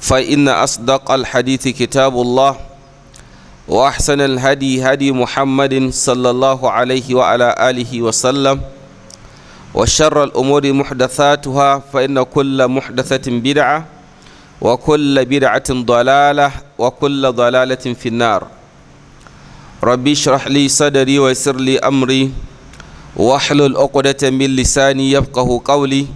فإن أصدق الحديث كتاب الله وأحسن الهدي هدي محمد صلى الله عليه وعلى آله وسلم وشر الأمور محدثاتها فإن كل محدثة بدعة وكل بدعة ضلالة وكل ضلالة في النار ربي اشرح لي صدري ويسر لي أمري واحلل عقدة من لساني يفقه قولي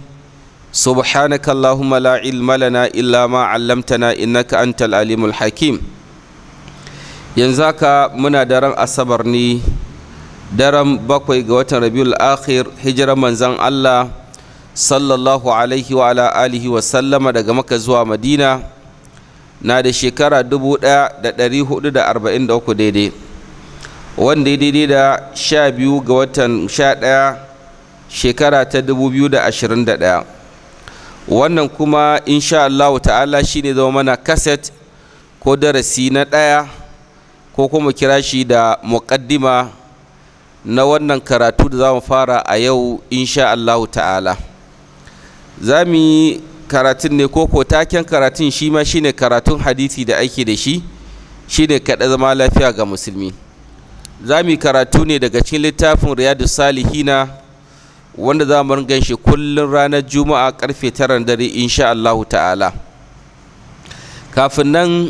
سبحانك اللهم لا علم لنا إلا ما علمتنا إنك أنت العليم الحكيم ينزاك منا درن أصبرني درن بقوي قوة ربيع الآخر هجر منزان الله صلى الله عليه وعلى آله وسلم daga Makka zuwa Madina na da shekara 1443 daidai wanda ya daidai da 12 ga watan 11 shekara ta 2021 wannan kuma insha Allah ta'ala shi ne zama mana kaset ko darasi na ɗaya ko kuma kira shi da muƙaddima na wannan karatu da za mu fara a yau insha Allah ta'ala za mu yi karatun ne ko taken karatun shi ma shi ne karatun hadisi da ake da shi shi ne kaɗa zama lafiya ga musulmi za mu yi karatu ne daga cikin littafin riyadu salihina wanda za mu ringa shi kullum ranar juma'a karfe tara dare insha Allah ta'ala kafin nan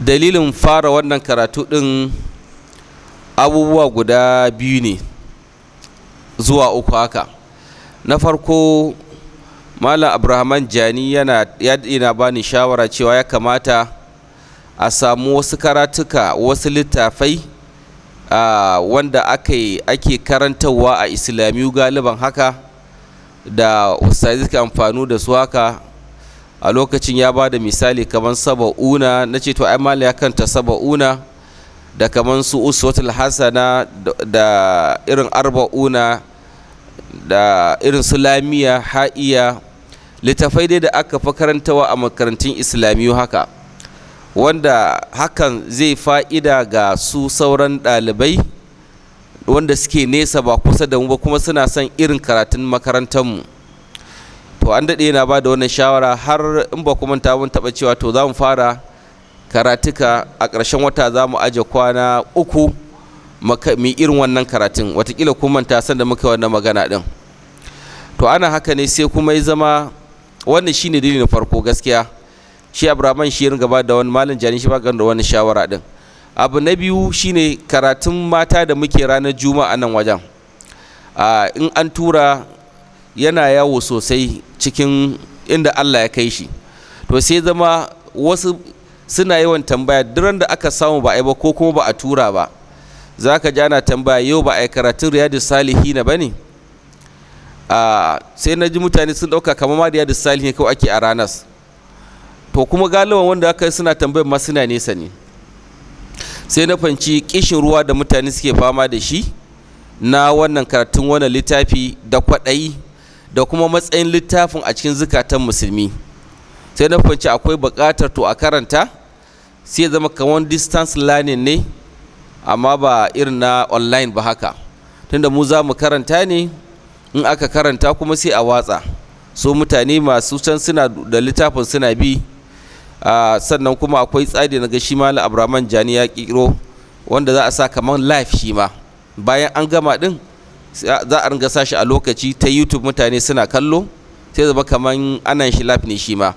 dalilin fara wannan karatu din abubuwa guda biyu ne zuwa uku haka na farko malam abrahaman jani yana yana bani shawara cewa ya kamata a samu wasu karatuka wasu littafai wanda ake karantarwa a islamiyu galiban haka da ustazi suka da su haka a lokacin ya ba da misali kamar saba'una na ce to ai mala ya kanta saba'una da kamar su uswatul hasana da irin arba'una da irin sulamiya ha'iya littafai da aka fi karantawa a makarantun islamiyu haka wanda hakan zai fa'ida ga su sauran ɗalibai wanda suke nesa ba kusa da mu ba kuma suna son irin karatun makarantarmu to an daɗe yana ba da wannan shawara har in ba kuma ta mun taɓa cewa to za mu fara karatuka a ƙarshen wata za mu aje kwana uku mu irin wannan karatun watakila kuma ta san da muka wannan magana ɗin to ana haka ne sai kuma ya zama wannan shine dalilin farko gaskiya shi abraman shi ringa ba da wani malin jani shi ba da wani shawara din abu na biyu shine karatun mata da muke ranar juma'a nan wajen in an tura yana yawo sosai cikin inda allah ya kai shi to sai zama wasu suna yawan tambaya duran da aka samu ba a yi ba ko kuma ba a tura ba za ka ji ana tambaya yau ba a yi karatun riyadu na ba ne sai na ji mutane sun ɗauka kamar ma Salihi ne kawai ake a ranar to kuma galiban wanda aka suna tambayar ma suna nesa ne sai na fanci kishin ruwa da mutane suke fama da shi na wannan karatun wannan littafi da kwaɗayi da kuma matsayin littafin a cikin zukatan musulmi sai na fanci akwai buƙatar to a karanta sai ya zama kamar distance learning ne amma ba irin na online ba haka tunda mu za mu karanta ne in aka karanta kuma sai a watsa so mutane masu can suna da littafin suna bi Ah, sannan kuma akwai tsari na ga malam abraman jani ya kiro wanda za a sa kamar live shi ma bayan an gama din za a ringa sashi a lokaci ta youtube mutane suna kallo sai zama kamar anan shi live ne shi ma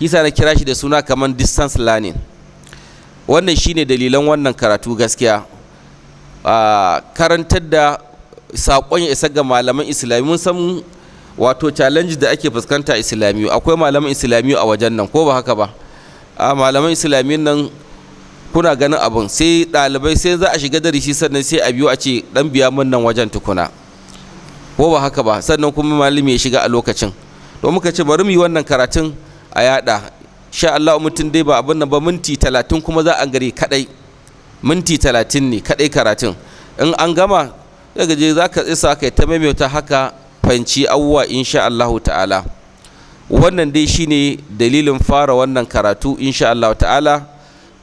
hisa na kira shi da suna kamar distance learning wannan shine dalilan wannan karatu gaskiya ah, karantar da saƙon ya isa ga malaman islami mun san wato challenge da ake fuskanta islamiyu akwai malaman islamiyu a wajen nan ko ba haka ba a malaman islamin nan kuna ganin abin sai ɗalibai sai za a shiga da shi sannan sai a biyo a ce dan biya mun nan wajen tukuna ko ba haka ba sannan kuma malami ya shiga a lokacin to muka ce bari mu yi wannan karatun a yada sha Allah mutum dai ba abin nan ba minti talatin kuma za a gare kadai minti talatin ne kadai karatun in an gama daga je za ka isa kai ta maimaita haka fanci abubuwa insha Allahu ta'ala wannan dai shine dalilin fara wannan karatu insha Allah ta'ala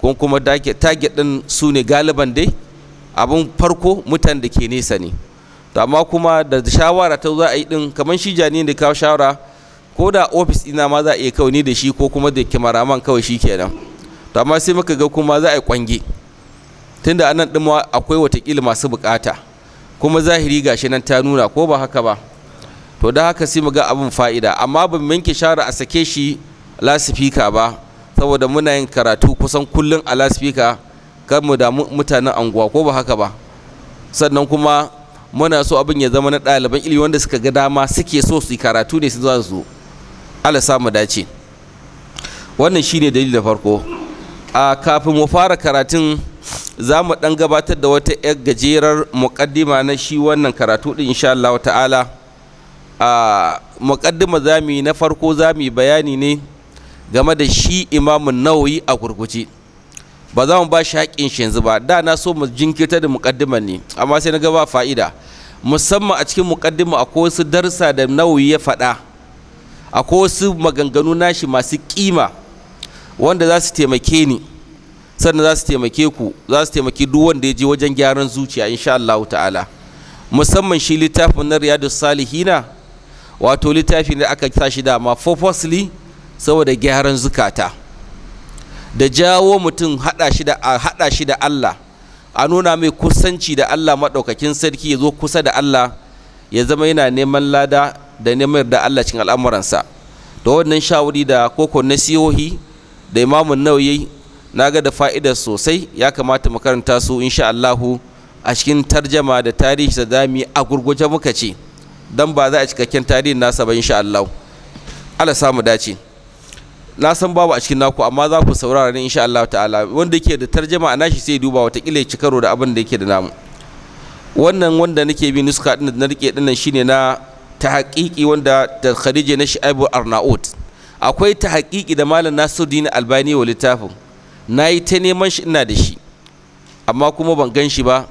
kun kuma dake target din su ne galiban dai abin farko mutan da ke nesa ne to amma kuma da shawara ta za a yi din kamar shi jani da kawo shawara ko da ofis ina ma za a iya kawai ni da shi ko kuma da kimaraman kawai shi kenan to amma sai muka ga kuma za a yi kwange tunda anan din akwai watakila masu bukata kuma zahiri gashi nan ta nuna ko ba haka ba to da haka sai mu ga abin fa'ida amma ban minke share a sake shi lasifika ba saboda muna yin karatu kusan kullun a lasifika kar mu damu mutanen anguwa ko ba haka ba sannan kuma muna so abin ya zama na ɗaliban ilimi wanda suka ga dama suke so su yi karatu ne su za su ala samu dace wannan shine dalili da farko a kafin mu fara karatun za mu ɗan gabatar da wata 'yar gajerar muƙaddima na shi wannan karatu ɗin insha Allah ta'ala a mu yi na farko yi bayani ne game da shi imamun nauyi a kurkuce ba za mu ba shi haƙƙin shi yanzu ba da na so mu jinkirta da muƙaddiman ne amma sai na ga ba fa'ida musamman a cikin muƙaddima akwai wasu darsa da nauyi ya faɗa akwai wasu maganganu nashi masu ƙima wanda za su taimake ni sannan za su taimake ku za su taimaki duk wanda ya je wajen gyaran zuciya insha Allah ta'ala musamman shi littafin na riyadu salihina wato littafi ne aka sa shi dama purposely saboda gyaran zukata da jawo mutum haɗa shi da Allah a nuna mai kusanci da Allah maɗaukakin sarki ya zo kusa da Allah ya zama yana neman lada da neman da Allah cikin al'amuransa da wannan shawari da koko nasihohi da imamun nauyi na ga da fa'idar sosai ya kamata mu karanta su sha Allahu a cikin tarjama da tarihi da zami a gurguje muka ce dan ba za a cikakken tarihin nasa ba insha Allah Allah samu dace na san babu a cikin naku amma za ku saurara ne insha Allah ta'ala wanda yake da tarjama a nashi sai duba wata ya ci karo da abin da yake da namu wannan wanda nake bi nuska din na rike dinnan shine na tahqiqi wanda da Khadija na Shaibu arnaud akwai tahqiqi da Malam Nasruddin Albani wa littafin nayi ta neman shi ina da shi amma kuma ban gan shi ba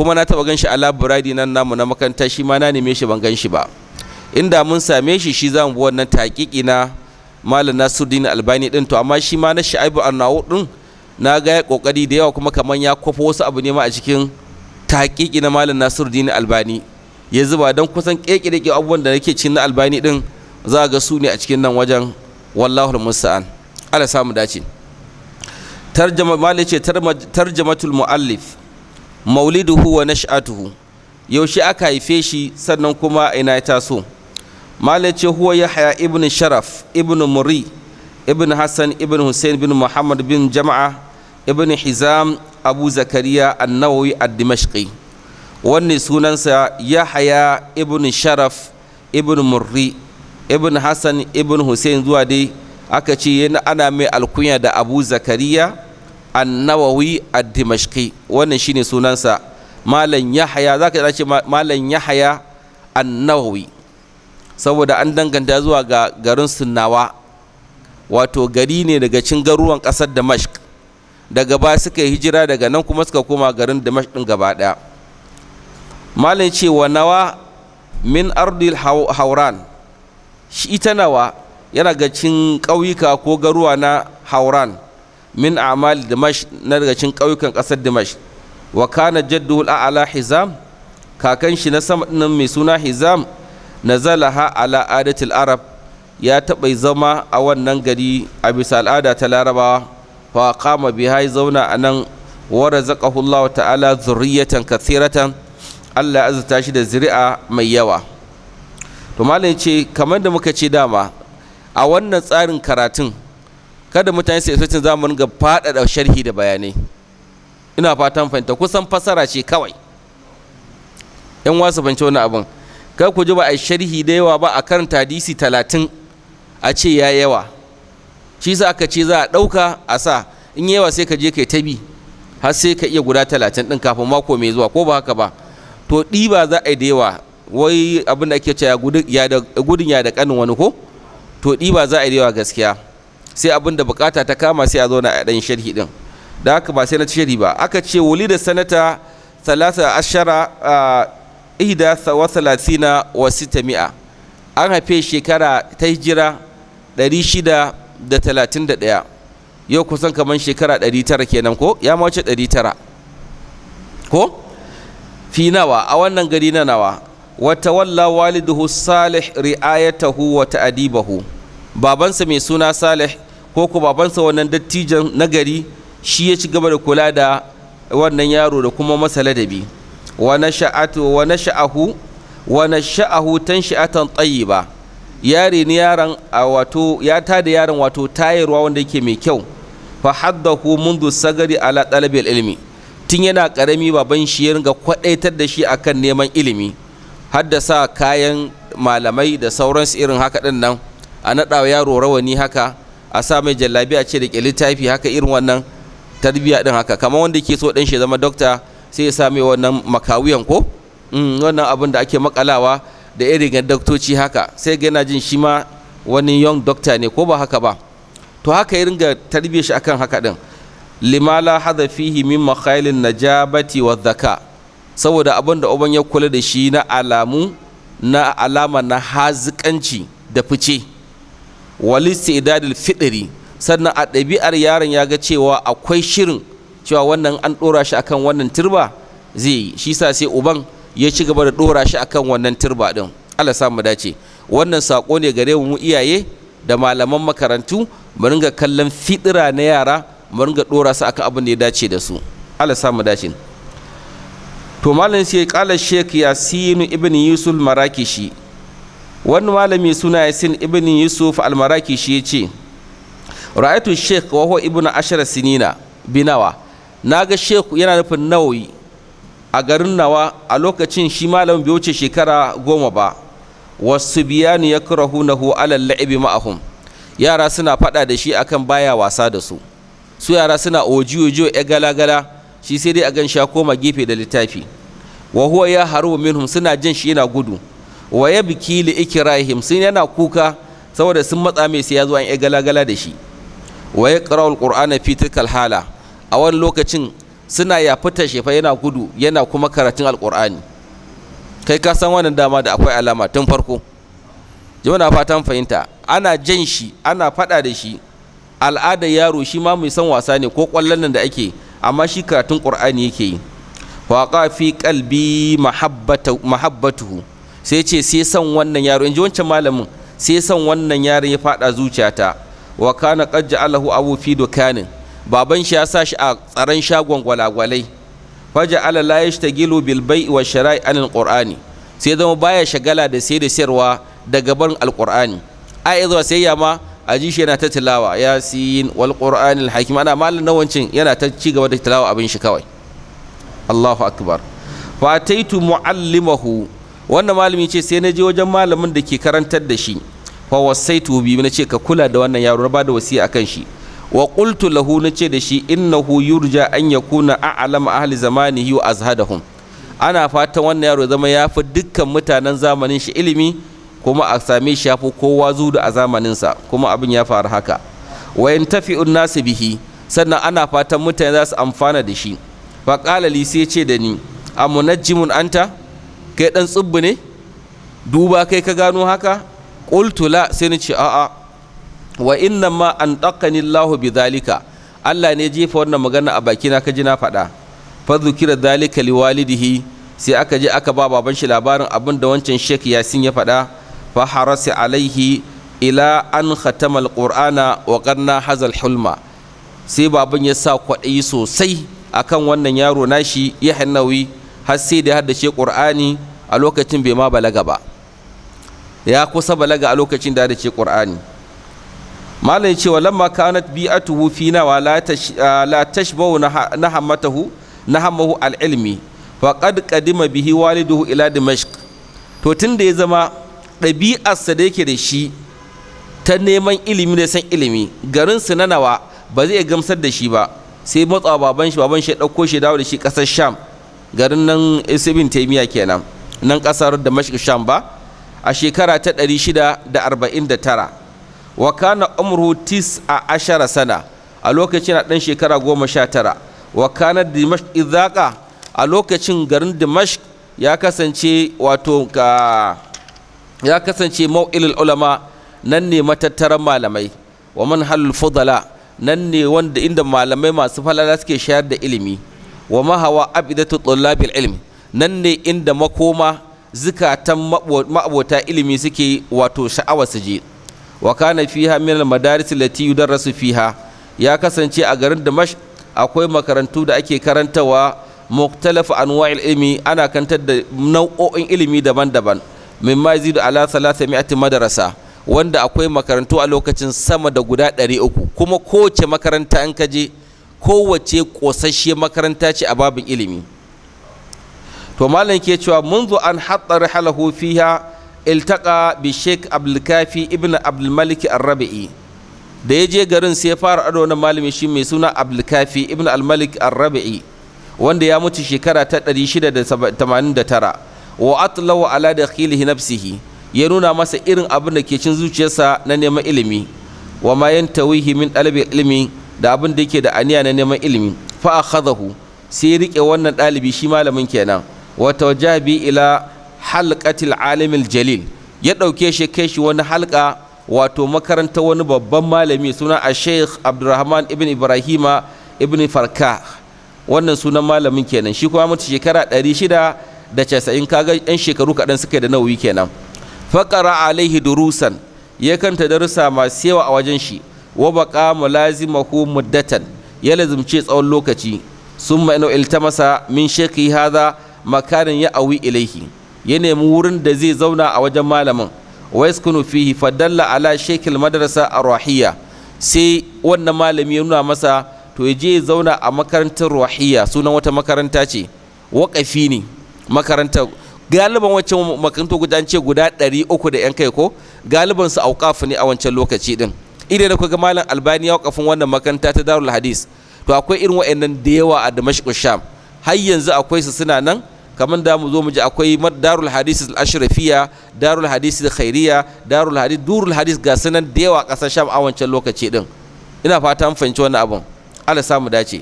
kuma na taɓa ganshi a laburari nan namu na makaranta shi ma na neme shi ban ganshi ba inda mun same shi shi za mu bi wannan taƙiƙi na malam nasiruddin albani din to amma shi ma na sha'ibu arnawu din na ga ya kokari da yawa kuma kaman ya kofa wasu abu ne ma a cikin taƙiƙi na malam nasiruddin albani ya zuba don kusan ƙeƙe abubuwan da nake cin na albani din za ga su ne a cikin nan wajen wallahul musta'an ala samu dace tarjama malai ce tarjamatul muallif mauliduhu wa nash'atuhu yaushe aka haife shi sannan kuma ina ya taso malai ce huwa ya haya ibn sharaf ibn muri ibn hassan ibn hussein bin muhammad bin jama'a ibn hizam abu zakariya annawawi ad-dimashqi wannan sunansa haya ibn sharaf ibn Muri ibn hassan ibn hussein zuwa dai aka ce yana ana mai alkunya da abu zakariya annawawi ad-dimashqi wannan shine sunansa malam yahya zaka ce malam yahya annawawi saboda an danganta zuwa ga garin sunnawa wato gari ne daga cin garuruwan kasar damashq daga ba suka hijira daga nan kuma suka koma garin damashq din gaba daya malam ce wa nawa min ardil hauran shi ita nawa yana ga cin ƙauyuka ko garuwa na hauran min amal dimash na daga cikin ƙauyukan ƙasar dimash wa kana jadduhu al'ala hizam kakan shi na sama ɗin mai suna hizam nazalaha ala adatil arab ya taɓa zama a wannan gari a bisa al'ada ta larabawa fa qama biha zauna anan wa razaqahu Allah ta'ala zurriyatan kathiratan Allah ta shi da zuri'a mai yawa to malam ce kamar da muka ce dama a wannan tsarin karatun kada mutane su isocin zamanin ga faɗaɗa sharhi da bayanai ina fatan fahimta kusan fassara ce kawai yan wasu fahimci wani abin kar ku ji ba a sharhi da yawa ba a karanta hadisi talatin a ce ya yawa shi sa aka ce za a ɗauka a sa in yawa sai ka je kai ta bi har sai ka iya guda talatin ɗin kafin mako mai zuwa ko ba haka ba to ɗiba za a yi da yawa wai abin da ake cewa gudun ya da ƙanin wani ko to ɗiba za a yi da yawa gaskiya sai abin da bukata ta kama sai a zo a ɗan sharhi ɗin da haka ba sai na sharhi ba aka ce wali da sanata talata ashara ihda wa salatina wa sita mi'a an haife shekara ta hijira 631 shida da talatin da yau kusan kamar shekara 900 tara kenan ko ya ma wuce tara ko fi nawa a wannan gari na nawa wata walla waliduhu salih ri'ayatahu wa ta'adibahu babansa mai suna salih ko ko babansa wannan dattijan nagari shi ya ci gaba da kula da wannan yaro da kuma masa ladabi wa nasha'atu wa nasha'ahu wa nasha'ahu tanshi'atan tayyiba yare ni yaron wato ya ta da yaron wato tayarwa wanda yake mai kyau fa haddahu mundu sagari ala talabil ilmi tun yana karami baban shi ya ringa kwadaitar da shi akan neman ilimi haddasa kayan malamai da sauransu irin haka din a naɗa yaro rawani haka a sa mai jallabi a ce da ke littafi haka irin wannan tarbiya din haka kamar wanda ke so ɗan shi zama dokta sai ya sa mai wannan makawiyan ko mm, wannan abin da ake makalawa da ga doktoci haka sai ga yana jin shi ma wani young doctor ne ko ba haka ba to haka irin ga tarbiyya shi akan haka din limala hada fihi min makhailin najabati wa zaka saboda abin da uban ya kula da shi na alamu na alama na hazikanci da fice walisti idadil fitiri sannan a ɗabi'ar yaron ya ga cewa akwai shirin cewa wannan an ɗora shi akan wannan turba zai yi shi sa sai uban ya ci gaba da ɗora shi akan wannan turba ɗin Allah sa mu dace wannan sako ne gare mu iyaye da malaman makarantu mu ringa kallon fitira na yara mu ringa ɗora su akan abin da ya dace da su Allah sa mu dace to malam sai kala Sheikh Yasin ibn Yusuf Marakishi wani malami suna yasin ibn yusuf almaraki shi ya ce ra'aytu sheikh wa huwa ibn ashara sinina binawa naga sheikh yana nufin nauyi a garin nawa a lokacin shi malamin bai wuce shekara goma ba wasu biyanu ya hu alal la'ibi ma'ahum yara suna fada da shi akan baya wasa da su su yara suna ojiyo ya gala-gala shi sai dai a gan sha koma gefe da littafi wa ya haru minhum suna jin shi yana gudu wa ya biki li ikirahim sun yana kuka saboda sun matsa mai sai ya zo an yi galagala da shi wa ya qara'ul qur'ana fi tilkal hala a wani lokacin suna ya fita shefa yana gudu yana kuma karatun alqur'ani kai ka san wannan dama da akwai alama tun farko jama'a fatan fahimta ana jan shi ana fada da shi al'ada yaro shi ma mai san wasa ne ko kwallon nan da ake amma shi karatun qur'ani yake yi wa qafi qalbi mahabbatuhu sai ce sai san wannan yaro in ji wancan malamin sai san wannan yaro ya fada zuciyata wa kana qad ja'alahu abu fi dukanin baban shi ya sa shi a tsaron shagon gwalagwalai faja ala la yashtagilu bil bai'i wa shara'i anil qur'ani sai zama baya shagala da sai da sayarwa daga barin alqur'ani a yanzu sai ya ma a shi yana ta tilawa yasin wal qur'anil hakim ana malam na wancin yana ta ci gaba da tilawa abin shi kawai Allahu akbar fataitu muallimahu wannan malami ce sai na je wajen malamin da ke karantar da shi fa wasaitu bi na ce ka kula da wannan yaro na bada wasiya akan shi wa qultu lahu na ce da shi innahu yurja an yakuna a'lam ahli zamanihi wa azhadahum ana fatan wannan yaro zama ya fi dukkan mutanen zamanin shi ilimi kuma a same shi yafi kowa zudu a zamanin sa kuma abin ya faru haka wa yantafi'un nasu bihi sannan ana fatan mutane za su amfana da shi fa qala li sai ce da ni amunajjimun anta kai dan tsibbi ne duba kai ka gano haka qultu la sai ni ce a'a wa inna ma an taqani Allahu bi zalika Allah ne jefa wannan magana a bakina ka ji na faɗa fa zukira zalika liwalidihi sai aka je aka ba baban shi labarin abin da wancan Sheikh Yasin ya faɗa fa harasi alaihi ila an khatama alqur'ana wa qarna hazal hulma sai baban ya sa kwaɗayi sosai akan wannan yaro nashi ya hannawi har sai da haddace qur'ani a lokacin bai ma balaga ba ya kusa balaga a lokacin da da ce qur'ani malai cewa lamma kanat bi'atuhu fina wa la tashbahu na hammatahu na hammahu al-ilmi faqad qadima bihi waliduhu ila dimashq to tun da ya zama sa da yake da shi ta neman ilimi da san ilimi garin su na nawa ba zai gamsar da shi ba sai matsawa baban shi baban shi ya dauko shi dawo da shi ƙasar sham garin nan isibin taimiya kenan nan ƙasar mashi sham ba a shekara ta 649 wa kana tis a ashara sana a lokacin a ɗan shekara goma sha tara wa kana dimashq izaka a lokacin garin dimashq ya kasance wato ka ya kasance mau'ilul ulama nan ne matattaran malamai wa man halul fudala nan ne wanda inda malamai masu falala suke shayar da ilimi wa mahawa abidatu tullabil ilmi nan ne inda makoma zikatan ma'abota ilimi suke wato sha'awar su je wa kana fiha min al-madaris allati yudarrasu fiha ya kasance a garin damash akwai makarantu da ake karantawa muktalaf anwa'il ilmi ana kantar da nau'o'in ilimi daban-daban mimma yazidu ala 300 madarasa wanda akwai makarantu a lokacin sama da guda 300 kuma kowace makaranta an kaje kowace kosasshiyar makaranta ce a babin ilimi to malam ke cewa munzu an hatta rihalahu fiha iltaka bi Sheikh Abdul ibn Abdul Malik da ya je garin sai ya fara ado na malami shi mai suna Abdul ibn Al Malik wanda ya mutu shekara ta 689 wa atlaw ala dakhilihi nafsihi ya nuna masa irin abin da ke cin zuciyarsa na neman ilimi wa ma yantawihi min dalibi ilimi da abin da yake da aniya na neman ilimi fa akhadahu sai ya rike wannan dalibi shi malamin kenan wata jabi ila halkatil alimil jalil ya ɗauke shi kai shi wani halka wato makaranta wani babban malami suna a sheikh abdurrahman ibn ibrahima ibn farka wannan sunan malamin kenan shi kuma mutu shekara shida da casa'in kaga yan shekaru kaɗan suka da nauyi kenan faƙara alaihi durusan ya kanta darussa masu yawa a wajen shi wa baqa mulazimahu muddatan ya lazimce tsawon lokaci sun ina iltamasa min shaykhi hadha makarin ya awi ilaihi ya nemi wurin da zai zauna a wajen malamin wa yaskunu fihi fadalla ala shekil madarasa a rahiya sai wannan malami ya nuna masa to ya je ya zauna a makarantar rahiya sunan wata makaranta ce waƙafi ne makarantar galiban wacce makarantar guda ce guda ɗari uku da yan kai ko galiban su auƙafu ne a wancan lokaci din idan da kuka malam albani ya waƙafin wannan makaranta ta darul hadis to akwai irin wa'annan da yawa a damashqu sham har yanzu akwai su suna nan kamar da mu zo mu ji akwai darul hadis al-ashrafiya darul hadis al-khairiya darul hadis durul hadis ga sanan da yawa kasar sham a wancan lokaci din ina fata an fahimci wannan abun Allah samu dace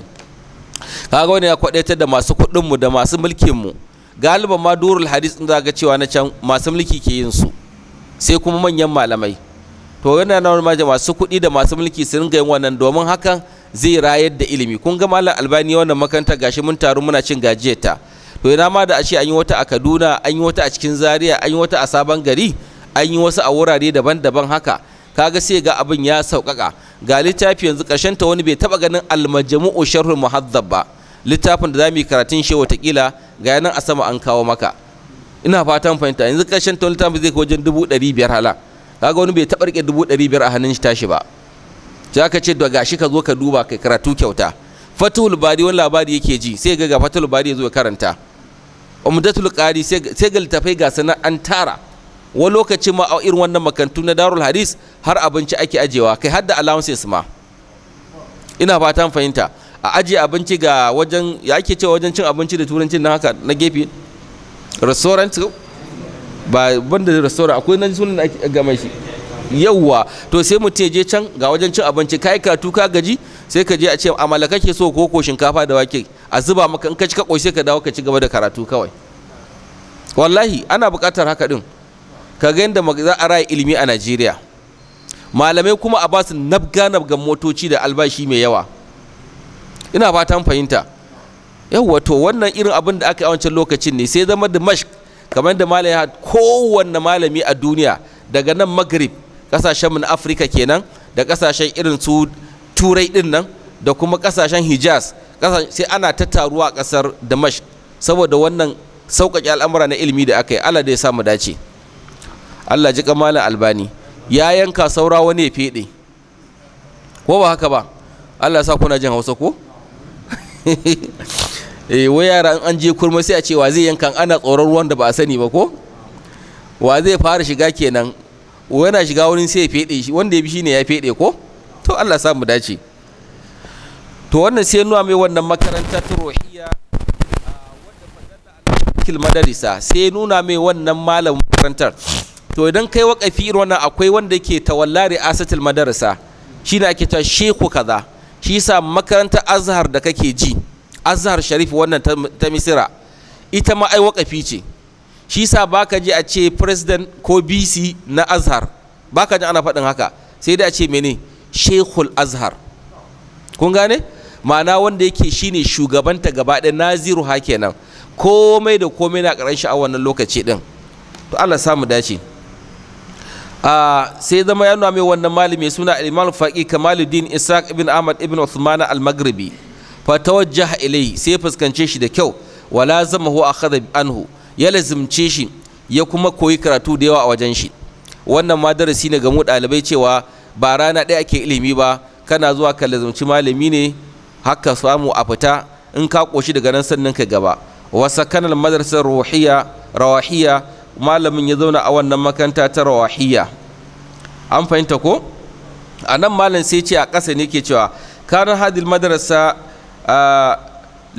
kaga wani ya kwadaitar da masu kuɗin mu da masu mulkin mu galiban ma durul hadis din zaka cewa na can masu mulki ke yin su sai kuma manyan malamai to yana nan ma masu kuɗi da masu mulki su ringa yin wannan domin hakan zai rayar da ilimi kun ga malam albani wannan makaranta gashi mun taru muna cin gajiyarta to ina ma da a ce an yi wata a kaduna an yi wata a cikin zaria an yi wata a sabon gari an yi wasu a wurare daban-daban haka kaga sai ga abin ya sauƙaƙa ga littafi yanzu ƙarshen ta wani bai taɓa ganin almajamu'u sharhul muhazzab ba littafin da za mu yi karatun shi watakila ga nan a sama an kawo maka ina fatan fahimta yanzu ƙarshen ta wani littafin zai kai wajen dubu ɗari biyar hala kaga wani bai taɓa riƙe dubu ɗari biyar a hannun shi tashi ba za ka ce daga shi ka zo ka duba kai karatu kyauta fatul bari wani labari yake ji sai ga ga fatul bari ya zo karanta umdatul qari sai ga littafai ga sanan an tara wani lokaci ma a irin wannan makantu na darul hadis har abinci ake ajewa kai har da allowances ma ina fatan fahimta a ajiye abinci ga wajen ya ake cewa wajen cin abinci da turanci na haka na gefe restaurant ba banda restaurant akwai nan sunan ga mai shi yawwa to sai mu je can ga wajen cin abinci kai katu ka gaji sai ka je a ce amala kake so ko ko shinkafa da wake a zuba maka in ka ci ka sai ka dawo ka ci gaba da karatu kawai wallahi ana buƙatar haka din ka ga yadda za a raya ilimi a Najeriya malamai kuma a basu nabga nabgan motoci da albashi mai yawa ina fatan fahimta yawwa to wannan irin abin da aka yi a wancan lokacin ne sai zama da mash kamar da malamai kowanne malami a duniya daga nan maghrib kasashenmu na afirka kenan da kasashen irin su turai din nan da kuma kasashen hijaz sai ana ta taruwa a kasar damash saboda wannan sauƙaƙe al'amura na ilimi da aka yi allah da ya samu dace allah ji kamalin albani ya yanka saura wani ya feɗe ko ba haka ba allah sa kuna jin hausa ko eh wai yara an je kurma sai a ce wa zai yanka ana tsoron ruwan da ba a sani ba ko wa zai fara shiga kenan yana shiga wurin sai ya fede shi wanda ya bi shine ya fede ko to Allah ya samu dace to wannan sai nuna mai wannan makaranta ta ruhiyya wanda fadalla al-kil madarisa sai nuna mai wannan malamin makarantar to idan kai wakafi irin wannan akwai wanda yake tawallari asatil madarasa shine ake ta sheku kaza shi sa makarantar azhar da kake ji azhar sharif wannan ta misira ita ma ai wakafi ce shi sa baka ji a ce president ko bc na azhar baka ji ana faɗin haka sai dai a ce mene shekul azhar kun gane ma'ana wanda yake shine shugabanta gaba ɗaya naziru ha kenan komai da komai na ƙaran a wannan lokaci ɗin to allah samu dace sai zama ya nuna mai wannan malami suna imam faƙi kamaluddin isaac ibn ahmad ibn uthman al-maghribi jiha ilai sai fuskance shi da kyau wala zama hu akhadha anhu ya lazimce shi ya kuma koyi karatu da yawa a wajen shi wannan ma darasi ne ga mu ɗalibai cewa ba rana ɗaya ake ilimi ba kana zuwa ka lazimci malami ne haka samu a fita in ka koshi daga nan sannan ka gaba wasa kanal madrasar ruhiya rawahiya malamin ya zauna a wannan makaranta ta rawahiya an fahimta ko a nan malam sai ce a ƙasa ne ke cewa kanar hadil madarasa ah,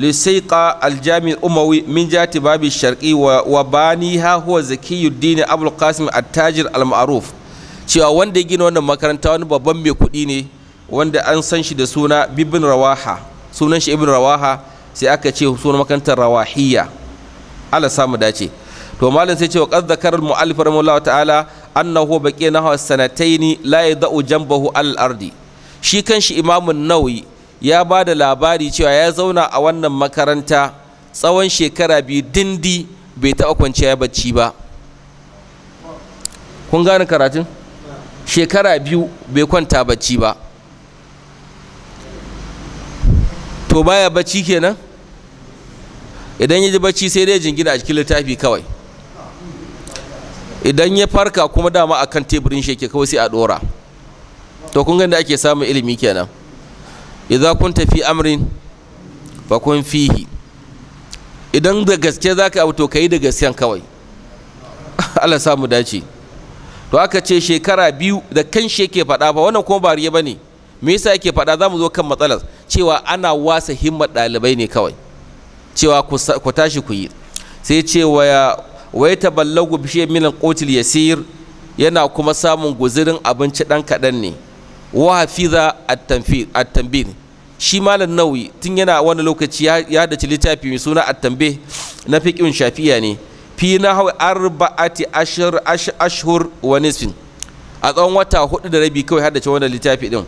لسيق الجامع الأموي من جهة باب الشرقي وبانيها هو زكي الدين أبو القاسم التاجر المعروف cewa wanda ya gina wannan makaranta wani babban mai kuɗi ne wanda an san shi da suna bibin rawaha sunan shi ibn rawaha sai aka ce sunan makarantar rawahiyya Allah samu dace to malam sai cewa qad zakara al mu'allif rahimahullah ta'ala annahu baqiya nahwa sanataini la yadau jambahu al ardi shi kanshi imamun nawawi ya ba da labari cewa ya zauna a wannan makaranta tsawon shekara biyu dindi bai taɓa kwanciya ya bacci ba kun gane karatun shekara biyu bai kwanta bacci ba to baya bacci kenan idan ya ji bacci sai dai jingina a cikin littafi kawai idan ya farka kuma dama a kan teburin shi kawai sai a dora to kun ga da ake samun ilimi kenan idza kunta fi amrin fa kun fihi idan da gaske zaka abu to kai da gaskiyan kawai Allah samu dace to aka ce shekara biyu da kan shi yake faɗa ba wannan kuma bariye ba ne me yasa yake faɗa za mu zo kan matsalar cewa ana wasa himmar ɗalibai ne kawai cewa ku tashi ku yi sai ce waya wai taballagu bishiyar milan kotil yasir yana kuma samun guzirin abinci ɗan kaɗan ne wa hafiza at-tanbih shi malam nawi tun yana wani lokaci ya da littafi mai suna at-tanbih na fiqhin shafiya ne fi nahwi arba'ati ashhur ashhur wa nisfin a tsawon wata hudu da rabi kawai haddace wannan littafi din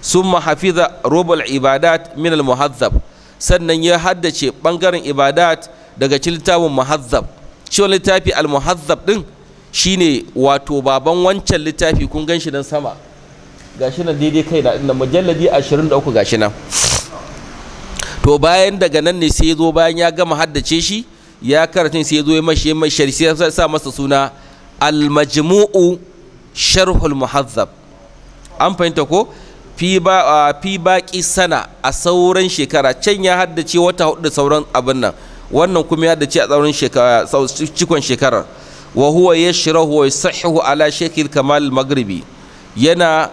summa hafiza rubul ibadat min al-muhazzab sannan ya haddace bangaren ibadat daga cikin littafin muhazzab shi littafi al-muhazzab din shine wato baban wancan littafi kun gan shi dan sama gashi nan daidai kai na inda mujalladi 23 gashi nan to bayan daga nan ne sai ya zo bayan ya gama haddace shi ya karatun sai ya zo ya mashi mai sharhi sai sa masa suna al-majmu'u sharhul muhazzab an fahimta ko fi ba fi baki sana a sauran shekara can ya haddace wata hudu da sauran abin nan wannan kuma ya haddace a tsauran shekara cikon shekarar wa huwa yashrahu wa yasahhu ala shaykh kamal al-maghribi yana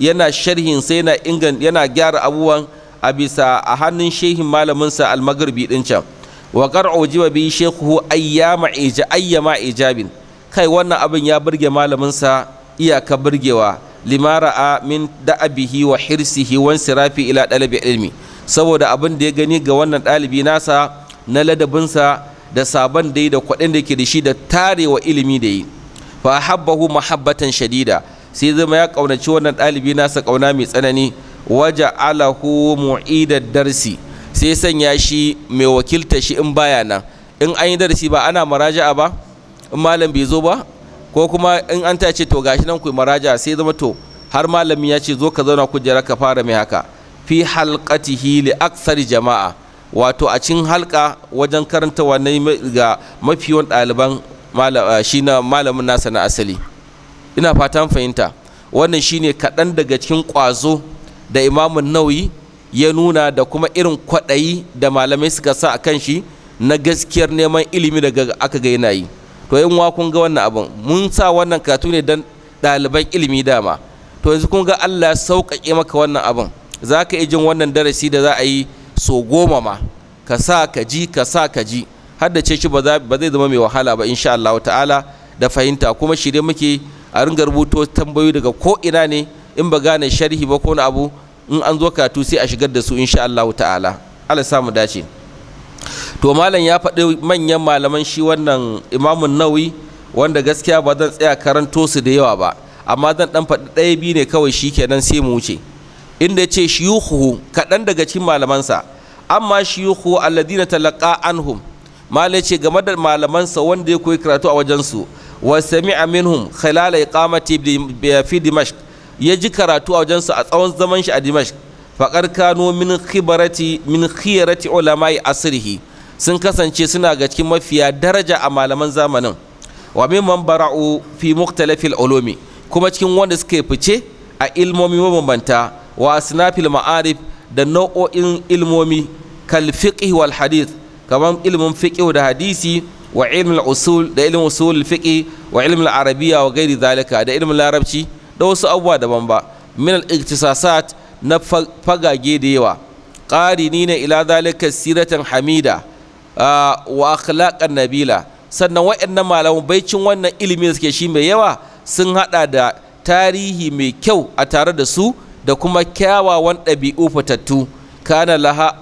yana sharhin sai yana ingan yana gyara abubuwan a bisa a hannun shehin malaminsa almagarbi din can wa qar'u jiba bi shaykhuhu ayyama ija ayyama ijabin kai wannan abin ya burge malaminsa iyaka burgewa limara a min da'abihi wa hirsihi wan sirafi ila dalibi ilmi saboda abin da ya gani ga wannan ɗalibi nasa na ladabinsa da sabon dai da kwaɗin da ke da shi da tarewa ilimi da yi fa habbahu mahabbatan shadida sai zama ya kaunaci wannan ɗalibi nasa kauna mai tsanani waje alahu mu'idar darsi sai sanya shi mai wakilta shi in baya nan in an yi darsi ba ana maraja'a ba in malam bai zo ba ko kuma in an ta ce to gashi nan ku maraja sai zama to har malamin ya ce zo ka zauna kujera ka fara mai haka fi halqatihi hili aksari jama'a wato a cikin halka wajen karanta wannan ga mafiyon ɗaliban shi na malamin nasa na asali ina fatan fahimta wannan shine kaɗan daga cikin ƙwazo da imamun nauyi ya nuna da kuma irin kwaɗayi da malamai suka sa a kan shi na gaskiyar neman ilimi daga aka ga yana yi to yin wa kun ga wannan abin mun sa wannan katu ne don ɗaliban ilimi dama to yanzu kun ga Allah sauƙaƙe maka wannan abin za ka jin wannan darasi da za a yi so goma ma ka sa ka ji ka sa ka ji har da ce shi ba zai zama mai wahala ba insha Allah ta'ala da fahimta kuma shirye muke a ringa rubuto tambayoyi daga ko ina ne in ba gane sharhi ba ko na abu in an zo karatu sai a shigar da su insha Allah ta'ala Allah samu dace to malam ya faɗi manyan malaman shi wannan imamun nawi wanda gaskiya ba zan tsaya karanto su da yawa ba amma zan dan faɗi ɗaya biyu ne kawai shi kenan sai mu wuce inda yace ce shiyuhu kaɗan daga cikin malamansa amma shiyuhu alladina talaqa anhum malai ce game da malamansa wanda ya koyi karatu a wajen su wa sami'a minhum khilal iqamati fi dimashq ya ji karatu a wajen su a tsawon zaman shi a dimashq faqad kanu min khibarati min khiyarati ulama'i sun kasance suna ga cikin mafiya daraja a malaman zamanin wa mimman bara'u fi mukhtalafil ulumi kuma cikin wanda suka fice a ilmomi mabambanta wa asnafil ma'arif da nau'o'in ilmomi kal fiqh wal hadith kamar ilmin fiqh da hadisi wa ilmul usul da ilmul usul fiqi wa ilmul arabiya wa gairi da ilmul larabci da wasu abubuwa daban ba min al iktisasat na fagage da yawa qarinina ila zalika siratan hamida wa akhlaqan nabila sannan waɗannan malaman baicin wannan ilimi da suke shi mai yawa sun hada da tarihi mai kyau a tare da su da kuma kyawawan ɗabi'u fitattu kana laha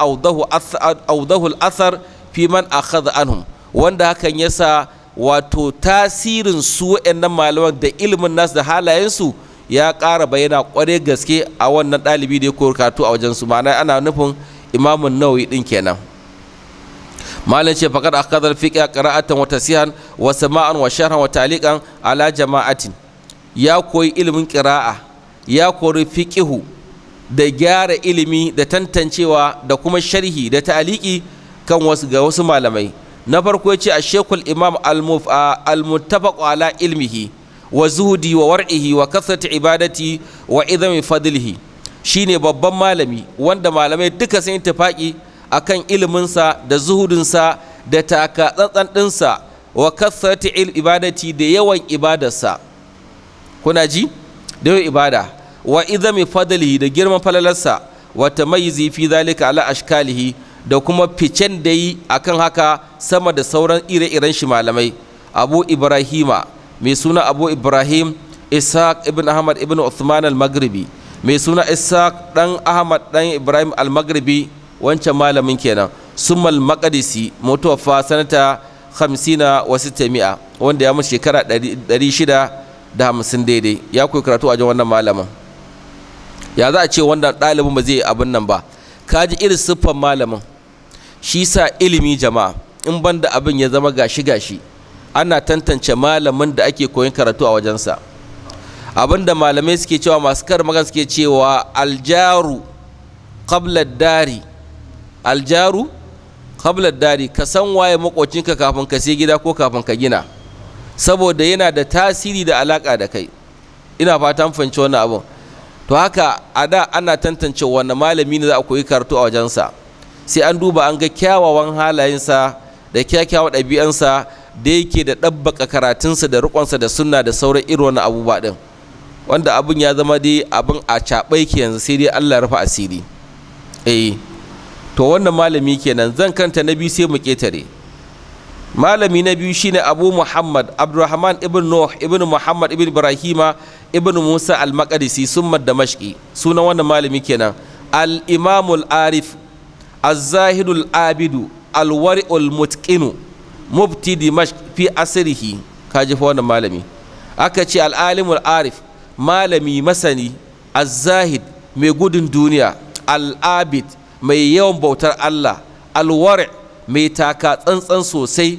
audahu al-athar fi man akhadha anhum wanda hakan ya sa wato tasirin su wayannan malaman da ilimin nasu da halayensu ya ƙara bayyana ƙwarai gaske a wannan ɗalibi da ya kori karatu a wajen su ma'ana ana nufin imamun nawawi ɗin kenan malam ce faƙar akadar a ƙara'atan wa tasihan wa sama'an wa sharhan wa taliƙan ala jama'atin ya koyi ilimin ƙira'a ya kori fiƙihu da gyara ilimi da tantancewa da kuma sharhi da ta'aliki kan wasu ga wasu malamai na farko ya ce a shekul imam al-muttafaq ala ilmihi wa zuhudi wa war'ihi wa kasrati ibadati wa idami fadlihi shine babban malami wanda malamai duka sun tafaki akan iliminsa da zuhudinsa da takatsantsan ɗinsa wa kasrati ibadati da yawan ibadarsa kuna ji da yawan ibada wa idami fadlihi da girman falalarsa wata tamayyizi fi zalika ala ashkalihi da kuma ficen da yi akan haka sama da sauran ire-iren shi malamai abu ibrahima mai suna abu ibrahim isaac ibn ahmad ibn uthman al-maghribi mai suna isaac dan ahmad dan ibrahim al-maghribi wancan malamin kenan sumal maqdisi mutuwa sanata 50 wa 600 wanda ya mu shekara 650 daidai ya koyi karatu a wannan malamin ya za a ce wannan ɗalibin ba zai abin nan ba kaji irin siffan malamin shi sa ilimi jama'a in banda abin ya zama gashi gashi ana tantance malamin da ake koyin karatu a wajensa abin da malamai suke cewa masu kar magana suke cewa aljaru qablad dari aljaru qablad dari ka san waye makocinka kafin ka sai gida ko kafin ka gina saboda yana da tasiri da alaka da kai ina fatan fahimci wannan abin to haka a da ana tantance wani malami ne za a koyi karatu a wajensa sai an duba an ga kyawawan halayensa da kyakkyawan ɗabi'ansa da yake da ɗabbaka karatunsa da riƙonsa da sunna da sauran irin wani abubuwa ɗin wanda abin ya zama dai abin a caɓai ke yanzu sai dai allah rufe asiri eh to wannan malami kenan zan kanta na biyu sai mu ƙetare malami na biyu shine abu muhammad abdurrahman ibn nuh ibn muhammad ibn ibrahima ibn musa al-maqdisi summa damashqi sunan wannan malami kenan al-imamul arif az-zahidul abidu al-wari'ul mutqinu mubti dimashq fi asrihi kaji fa wannan malami aka ce al arif malami masani az-zahid mai gudun duniya al'abid mai yawan bautar Allah al-wari' mai taka tsantsan sosai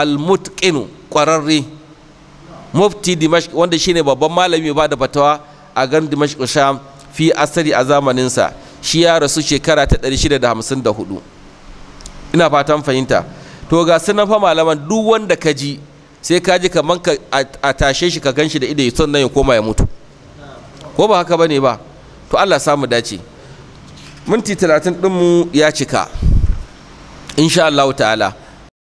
al-mutqinu kwararre mufti dimashq wanda shine babban malami ba da fatawa a garin dimashq sham fi asari a zamaninsa shi ya rasu shekara ta 654 ina fatan fahimta to ga sunan fa malaman duk wanda ka ji sai ka ji kaman ka a tashe shi ka gan shi da ido ya sannan ya koma ya mutu ko ba haka bane ba to Allah samu dace minti 30 mu ya cika insha Allah ta'ala